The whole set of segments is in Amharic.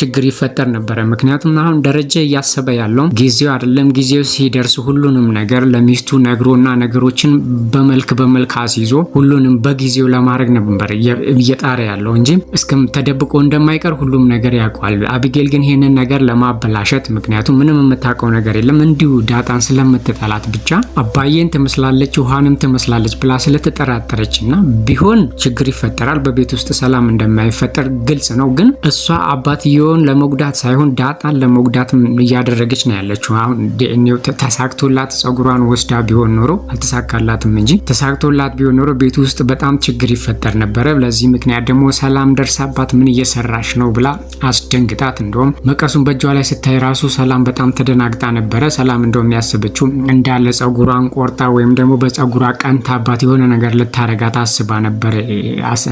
ችግር ይፈጠር ነበረ። ምክንያቱም አሁን ደረጀ እያሰበ ያለው ጊዜው አይደለም። ጊዜው ሲደርስ ሁሉንም ነገር ለሚስቱ ነግሮና ነገሮችን በመልክ በመልክ አስይዞ ሁሉንም በጊዜው ለማድረግ ነበር እየጣረ ያለው እንጂ እስከም ተደብቆ እንደማይቀር ሁሉም ነገር ያውቋል። አቢጌል ግን ይህንን ነገር ለማበላሸት ምክንያቱም ምንም የምታውቀው ነገር የለም እንዲሁ ዳጣን ስለምትጠላት ብቻ አባዬን ትመስላለች ውሃንም ትመስላለች ብላ ስለተጠራጠረች እና ቢሆን ችግር ይፈጠራል በቤት ውስጥ ሰላም እንደማይፈጠር ግልጽ ነው። ግን እሷ አባትየ ቪዲዮን ለመጉዳት ሳይሆን ዳጣን ለመጉዳት እያደረገች ነው ያለችው። አሁን ተሳክቶላት ጸጉሯን ወስዳ ቢሆን ኖሮ አልተሳካላትም እንጂ ተሳክቶላት ቢሆን ኖሮ ቤት ውስጥ በጣም ችግር ይፈጠር ነበረ። ለዚህ ምክንያት ደግሞ ሰላም ደርሳባት ምን እየሰራሽ ነው ብላ አስደንግጣት፣ እንደውም መቀሱን በእጇ ላይ ስታይ ራሱ ሰላም በጣም ተደናግጣ ነበረ። ሰላም እንደውም ያስበችው እንዳለ ጸጉሯን ቆርጣ ወይም ደግሞ በጸጉሯ ቀንታባት የሆነ ነገር ልታረጋት አስባ ነበር።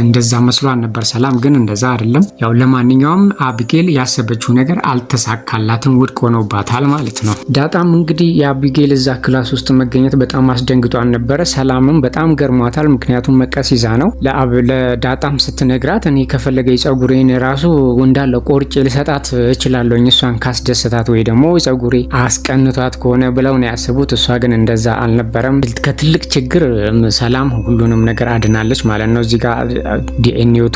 እንደዛ መስሏን ነበር። ሰላም ግን እንደዛ አይደለም። ያው ለማንኛውም አብጌል አቢጌል ያሰበችው ነገር አልተሳካላትም፣ ውድቅ ሆኖባታል ማለት ነው። ዳጣም እንግዲህ የአቢጌል እዛ ክላስ ውስጥ መገኘት በጣም አስደንግጧን ነበረ። ሰላምም በጣም ገርሟታል። ምክንያቱም መቀስ ይዛ ነው። ለዳጣም ስትነግራት እኔ ከፈለገ የጸጉሬን ራሱ እንዳለ ቆርጬ ልሰጣት እችላለሁ እሷን ካስደሰታት ወይ ደግሞ ጸጉሬ አስቀንቷት ከሆነ ብለው ነው ያስቡት። እሷ ግን እንደዛ አልነበረም። ከትልቅ ችግር ሰላም ሁሉንም ነገር አድናለች ማለት ነው። እዚህ ጋር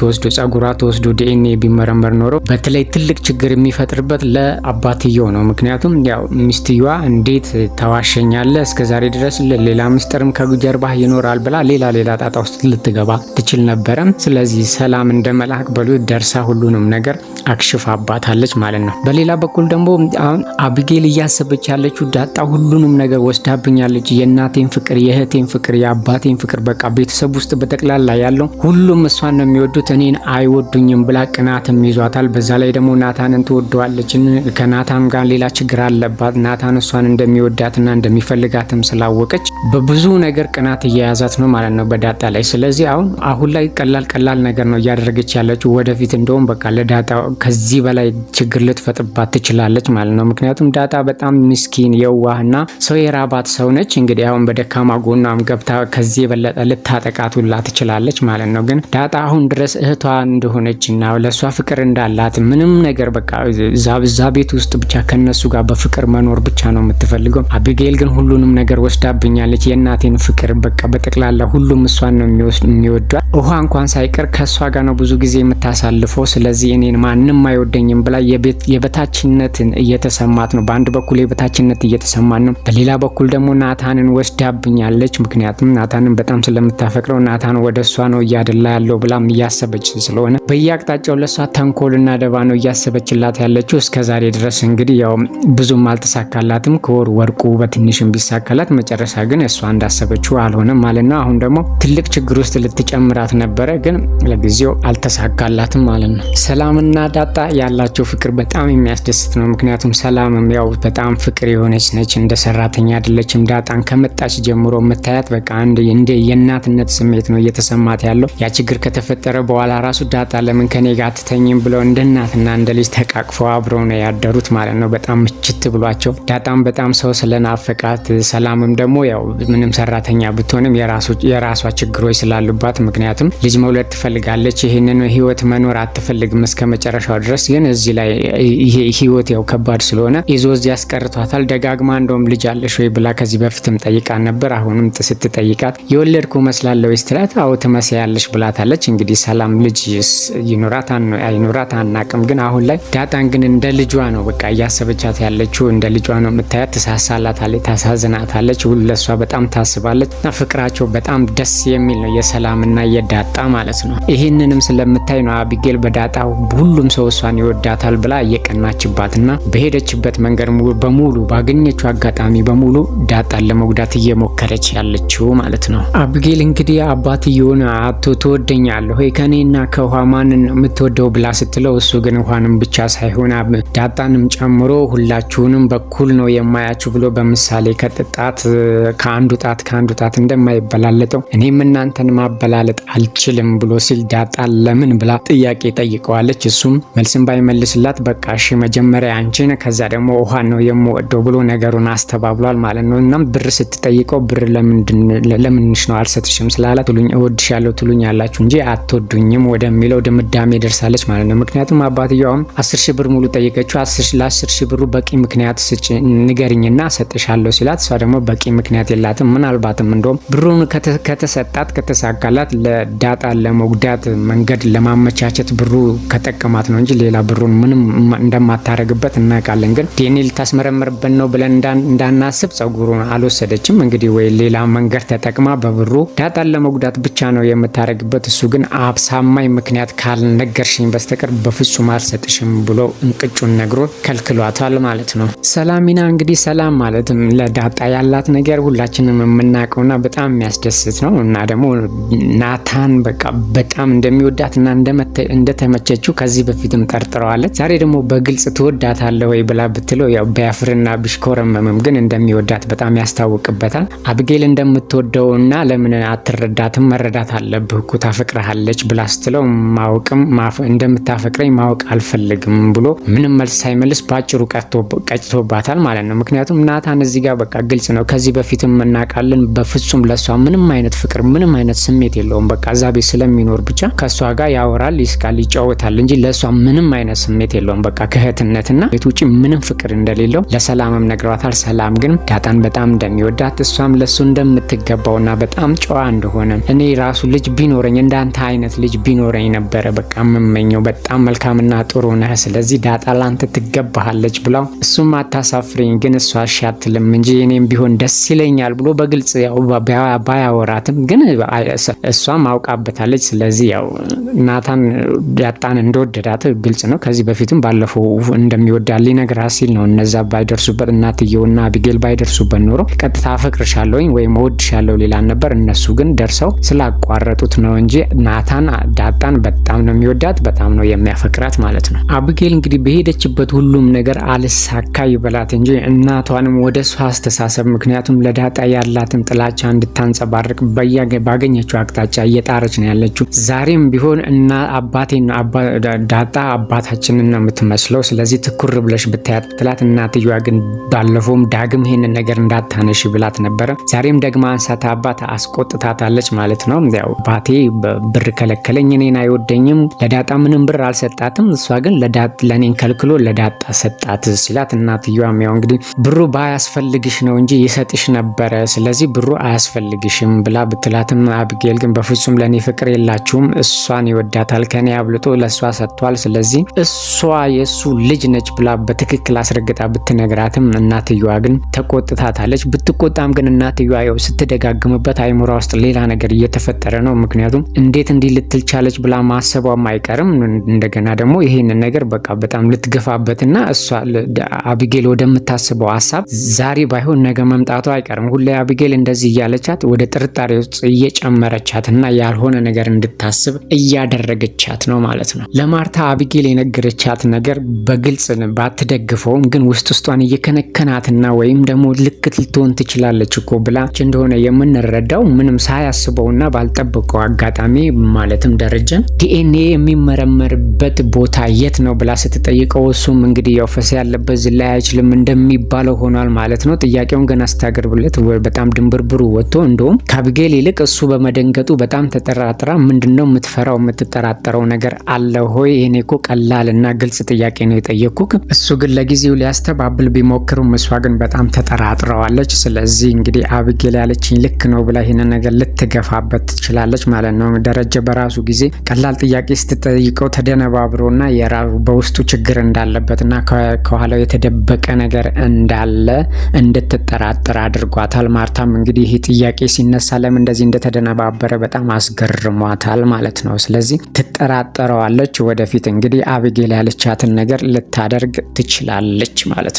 ተወስዶ ጸጉሯ ተወስዶ ዲኤንኤ ቢመረመር ኖረው በተለይ ትልቅ ችግር የሚፈጥርበት ለአባትየው ነው። ምክንያቱም ያው ሚስትየዋ እንዴት ተዋሸኛለ እስከ ዛሬ ድረስ ሌላ ምስጥርም ከጀርባህ ይኖራል ብላ ሌላ ሌላ ጣጣ ውስጥ ልትገባ ትችል ነበረም። ስለዚህ ሰላም እንደ መልአክ በሉ ደርሳ ሁሉንም ነገር አክሽፋ አባታለች ማለት ነው። በሌላ በኩል ደግሞ አሁን አብጌል እያሰበች ያለችው ዳጣ ሁሉንም ነገር ወስዳብኛለች፣ የእናቴን ፍቅር፣ የእህቴን ፍቅር፣ የአባቴን ፍቅር፣ በቃ ቤተሰብ ውስጥ በጠቅላላ ያለው ሁሉም እሷን ነው የሚወዱት እኔን አይወዱኝም ብላ ቅናትም ይዟታል። በዛ ላይ ደግሞ ናታንን ትወደዋለች። ከናታን ጋር ሌላ ችግር አለባት። ናታን እሷን እንደሚወዳትና እንደሚፈልጋትም ስላወቀች በብዙ ነገር ቅናት እየያዛት ነው ማለት ነው በዳጣ ላይ። ስለዚህ አሁን አሁን ላይ ቀላል ቀላል ነገር ነው እያደረገች ያለችው። ወደፊት እንደውም በቃ ለዳጣ ከዚህ በላይ ችግር ልትፈጥባት ትችላለች ማለት ነው። ምክንያቱም ዳጣ በጣም ምስኪን የዋህና ሰው የራባት ሰው ነች። እንግዲህ አሁን በደካማ ጎኗም ገብታ ከዚህ የበለጠ ልታጠቃቱላ ትችላለች ማለት ነው። ግን ዳጣ አሁን ድረስ እህቷ እንደሆነች እና ለእሷ ፍቅር እንዳላት ምንም ነገር በቃ እዛ ቤት ውስጥ ብቻ ከነሱ ጋር በፍቅር መኖር ብቻ ነው የምትፈልገው። አቢጌል ግን ሁሉንም ነገር ወስዳብኛለች፣ የእናቴን ፍቅር በቃ በጠቅላላ ሁሉም እሷን ነው የሚወዷት። ውሃ እንኳን ሳይቀር ከእሷ ጋር ነው ብዙ ጊዜ የምታሳልፈው። ስለዚህ እኔን ማንም አይወደኝም ብላ የበታችነትን እየተሰማት ነው። በአንድ በኩል የበታችነት እየተሰማት ነው፣ በሌላ በኩል ደግሞ ናታንን ወስዳብኛለች። ምክንያቱም ናታንን በጣም ስለምታፈቅረው ናታን ወደ እሷ ነው እያደላ ያለው ብላም እያሰበች ስለሆነ በየአቅጣጫው ለእሷ ተንኮልና ደባ ነው እያሰበችላት ያለችው። እስከ ዛሬ ድረስ እንግዲህ ያው ብዙም አልተሳካላትም። ከወር ወርቁ በትንሽም ቢሳካላት መጨረሻ ግን እሷ እንዳሰበችው አልሆነም ማለት ነው። አሁን ደግሞ ትልቅ ችግር ውስጥ ልትጨምራ ሞክራት ነበረ፣ ግን ለጊዜው አልተሳካላትም ማለት ነው። ሰላምና ዳጣ ያላቸው ፍቅር በጣም የሚያስደስት ነው። ምክንያቱም ሰላምም ያው በጣም ፍቅር የሆነች ነች፣ እንደ ሰራተኛ አይደለችም። ዳጣን ከመጣች ጀምሮ የምታያት በቃ አንድ እንደ የእናትነት ስሜት ነው እየተሰማት ያለው። ያ ችግር ከተፈጠረ በኋላ ራሱ ዳጣ ለምን ከኔ ጋር አትተኝም ብለው እንደ እናትና እንደ ልጅ ተቃቅፈው አብረው ነው ያደሩት ማለት ነው። በጣም ምችት ብሏቸው ዳጣም በጣም ሰው ስለናፈቃት፣ ሰላምም ደግሞ ያው ምንም ሰራተኛ ብትሆንም የራሷ ችግሮች ስላሉባት ምክንያት ምክንያቱም ልጅ መውለድ ትፈልጋለች። ይህንን ህይወት መኖር አትፈልግም እስከ መጨረሻው ድረስ። ግን እዚህ ላይ ይሄ ህይወት ያው ከባድ ስለሆነ ይዞ እዚህ ያስቀርቷታል። ደጋግማ እንደውም ልጅ አለሽ ወይ ብላ ከዚህ በፊትም ጠይቃ ነበር። አሁንም ስትጠይቃት የወለድኩ መስላለሁ ስትላት አዎ ትመስያለሽ ብላታለች። እንግዲህ ሰላም ልጅ ይኑራት አይኑራት አናቅም። ግን አሁን ላይ ዳጣን ግን እንደ ልጇ ነው በቃ እያሰበቻት ያለችው እንደ ልጇ ነው የምታያት። ትሳሳላታለች፣ ታሳዝናታለች፣ ለሷ በጣም ታስባለች እና ፍቅራቸው በጣም ደስ የሚል ነው የሰላምና የዳጣ ማለት ነው። ይህንንም ስለምታይ ነው አቢጌል በዳጣ ሁሉም ሰው እሷን ይወዳታል ብላ እየቀናችባትና በሄደችበት መንገድ በሙሉ ባገኘችው አጋጣሚ በሙሉ ዳጣን ለመጉዳት እየሞከረች ያለችው ማለት ነው። አቢጌል እንግዲህ አባትየውን አቶ ትወደኛለሁ ወይ ከኔና ከውሃ ማንን የምትወደው ብላ ስትለው እሱ ግን ውሃንም ብቻ ሳይሆን ዳጣንም ጨምሮ ሁላችሁንም በኩል ነው የማያችሁ ብሎ በምሳሌ ከጥጣት ከአንዱ ጣት ከአንዱ ጣት እንደማይበላለጠው እኔም እናንተን ማበላለጥ አልችልም ብሎ ሲል ዳጣ ለምን ብላ ጥያቄ ጠይቀዋለች። እሱም መልስም ባይመልስላት በቃ እሺ መጀመሪያ አንቺን ከዛ ደግሞ ውሃ ነው የምወደው ብሎ ነገሩን አስተባብሏል ማለት ነው። እናም ብር ስትጠይቀው ብር ለምንሽ ነው አልሰጥሽም ስላላት ትሉኝ ያለው ትሉኝ ያላችሁ እንጂ አትወዱኝም ወደሚለው ድምዳሜ ደርሳለች ማለት ነው። ምክንያቱም አባትየዋም አስር ሺ ብር ሙሉ ጠይቀችው። ለአስር ሺ ብሩ በቂ ምክንያት ስጭ ንገርኝና ሰጥሻለሁ ሲላት እሷ ደግሞ በቂ ምክንያት የላትም ምናልባትም እንደውም ብሩን ከተሰጣት ከተሳካላት ዳጣን ለመጉዳት መንገድ ለማመቻቸት ብሩ ከጠቀማት ነው እንጂ ሌላ ብሩን ምንም እንደማታረግበት እናውቃለን። ግን ዴኒል ታስመረምርበት ነው ብለን እንዳናስብ ጸጉሩን አልወሰደችም። እንግዲህ ወይ ሌላ መንገድ ተጠቅማ በብሩ ዳጣን ለመጉዳት ብቻ ነው የምታረግበት። እሱ ግን አብሳማኝ ምክንያት ካልነገርሽኝ በስተቀር በፍጹም አልሰጥሽም ብሎ እንቅጩን ነግሮ ከልክሏታል ማለት ነው። ሰላሚና እንግዲህ ሰላም ማለት ለዳጣ ያላት ነገር ሁላችንም የምናውቀውና በጣም የሚያስደስት ነው እና ደግሞ ናት ናታን በቃ በጣም እንደሚወዳትና እንደተመቸችው ከዚህ በፊትም ጠርጥረዋለች። ዛሬ ደግሞ በግልጽ ትወዳታለ ወይ ብላ ብትለው ያው ቢያፍርና ቢሽኮረመምም ግን እንደሚወዳት በጣም ያስታውቅበታል። አብጌል እንደምትወደውና ለምን አትረዳትም መረዳት አለብህ እኮ ታፈቅረሃለች ብላ ስትለው ማወቅም እንደምታፈቅረኝ ማወቅ አልፈልግም ብሎ ምንም መልስ ሳይመልስ በአጭሩ ቀጭቶባታል ማለት ነው። ምክንያቱም ናታን እዚህ ጋር በቃ ግልጽ ነው። ከዚህ በፊትም እናውቃለን። በፍጹም ለሷ ምንም አይነት ፍቅር ምንም አይነት ስሜት የለውም። በቃ እዛ ቤት ስለሚኖር ብቻ ከእሷ ጋር ያወራል፣ ይስቃል፣ ይጫወታል እንጂ ለእሷ ምንም አይነት ስሜት የለውም። በቃ ከእህትነትና ቤት ውጭ ምንም ፍቅር እንደሌለው ለሰላምም ነግሯታል። ሰላም ግን ዳጣን በጣም እንደሚወዳት እሷም ለእሱ እንደምትገባውና በጣም ጨዋ እንደሆነ እኔ ራሱ ልጅ ቢኖረኝ እንዳንተ አይነት ልጅ ቢኖረኝ ነበረ በቃ የምመኘው በጣም መልካምና ጥሩ ነህ፣ ስለዚህ ዳጣ ላንተ ትገባሃለች ብላው እሱም አታሳፍረኝ ግን እሷ እሺ አትልም እንጂ እኔም ቢሆን ደስ ይለኛል ብሎ በግልጽ ያው ባያወራትም ግን እሷ እሷም አውቃበታለች። ስለዚህ ያው ናታን ዳጣን እንደወደዳት ግልጽ ነው። ከዚህ በፊትም ባለፈው እንደሚወዳ ሊነግራት ሲል ነው እነዛ ባይደርሱበት፣ እናትየውና አቢጌል ባይደርሱበት ኖሮ ቀጥታ አፈቅርሻለሁኝ ወይም እወድሻለሁ ሌላን ነበር። እነሱ ግን ደርሰው ስላቋረጡት ነው እንጂ ናታን ዳጣን በጣም ነው የሚወዳት፣ በጣም ነው የሚያፈቅራት ማለት ነው። አቢጌል እንግዲህ በሄደችበት ሁሉም ነገር አልሳካ ይበላት እንጂ እናቷንም ወደ እሷ አስተሳሰብ ምክንያቱም ለዳጣ ያላትን ጥላቻ እንድታንጸባርቅ ባገኘችው አቅጣጫ እየጣረች ነው ያለችው። ዛሬም ቢሆን እና አባቴን ዳጣ አባታችንን ነው የምትመስለው፣ ስለዚህ ትኩር ብለሽ ብታያት ብትላት፣ እናትየዋ ግን ባለፈውም ዳግም ይሄንን ነገር እንዳታነሽ ብላት ነበረ። ዛሬም ደግሞ አንሳት አባት አስቆጥታታለች ማለት ነው። ያው አባቴ ብር ከለከለኝ፣ እኔን አይወደኝም፣ ለዳጣ ምንም ብር አልሰጣትም፣ እሷ ግን ለእኔን ከልክሎ ለዳጣ ሰጣት ሲላት፣ እናትየዋም ያው እንግዲህ ብሩ ባያስፈልግሽ ነው እንጂ ይሰጥሽ ነበረ፣ ስለዚህ ብሩ አያስፈልግሽም ብላ ብትላትም አብጌል ግን በፍጹም በፍጹም ለእኔ ፍቅር የላችሁም፣ እሷን ይወዳታል ከኔ አብልጦ ለእሷ ሰጥቷል። ስለዚህ እሷ የእሱ ልጅ ነች ብላ በትክክል አስረግጣ ብትነግራትም እናትየዋ ግን ተቆጥታታለች። ብትቆጣም ግን እናትየዋ ያው ስትደጋግምበት አይምሯ ውስጥ ሌላ ነገር እየተፈጠረ ነው። ምክንያቱም እንዴት እንዲህ ልትልቻለች ብላ ማሰቧም አይቀርም። እንደገና ደግሞ ይህንን ነገር በቃ በጣም ልትገፋበትና እሷ አቢጌል ወደምታስበው ሀሳብ ዛሬ ባይሆን ነገ መምጣቱ አይቀርም። ሁሌ አቢጌል እንደዚህ እያለቻት ወደ ጥርጣሬ ውስጥ እየጨመረቻትና ያልሆነ ነገር እንድታስብ እያደረገቻት ነው ማለት ነው። ለማርታ አቢጌል የነገረቻት ነገር በግልጽ ባትደግፈውም ግን ውስጥ ውስጧን እየከነከናትና ወይም ደግሞ ልክት ልትሆን ትችላለች እኮ ብላች እንደሆነ የምንረዳው ምንም ሳያስበውና ባልጠበቀው አጋጣሚ ማለትም ደረጀን ዲኤንኤ የሚመረመርበት ቦታ የት ነው ብላ ስትጠይቀው እሱም እንግዲህ ያው ያለበት ዝላይ አይችልም እንደሚባለው ሆኗል ማለት ነው። ጥያቄውን ገና ስታገርብለት በጣም ድንብርብሩ ወጥቶ እንደውም ከአቢጌል ይልቅ እሱ በመደንገጡ በጣም በጣም ተጠራጥራ ምንድን ነው የምትፈራው የምትጠራጠረው ነገር አለ ሆይ? ይህኔ እኮ ቀላል እና ግልጽ ጥያቄ ነው የጠየኩክ። እሱ ግን ለጊዜው ሊያስተባብል ቢሞክርም እሷ ግን በጣም ተጠራጥረዋለች። ስለዚህ እንግዲህ አብጌል ያለችኝ ልክ ነው ብላ ይህን ነገር ልትገፋበት ትችላለች ማለት ነው። ደረጀ በራሱ ጊዜ ቀላል ጥያቄ ስትጠይቀው ተደነባብሮና በውስጡ ችግር እንዳለበትና ከኋላው የተደበቀ ነገር እንዳለ እንድትጠራጥር አድርጓታል። ማርታም እንግዲህ ይህ ጥያቄ ሲነሳ ለምን እንደዚህ እንደተደነባበረ በጣም አስገርሟታል ማለት ነው። ስለዚህ ትጠራጠረዋለች። ወደፊት እንግዲህ አብጌል ያለቻትን ነገር ልታደርግ ትችላለች ማለት ነው።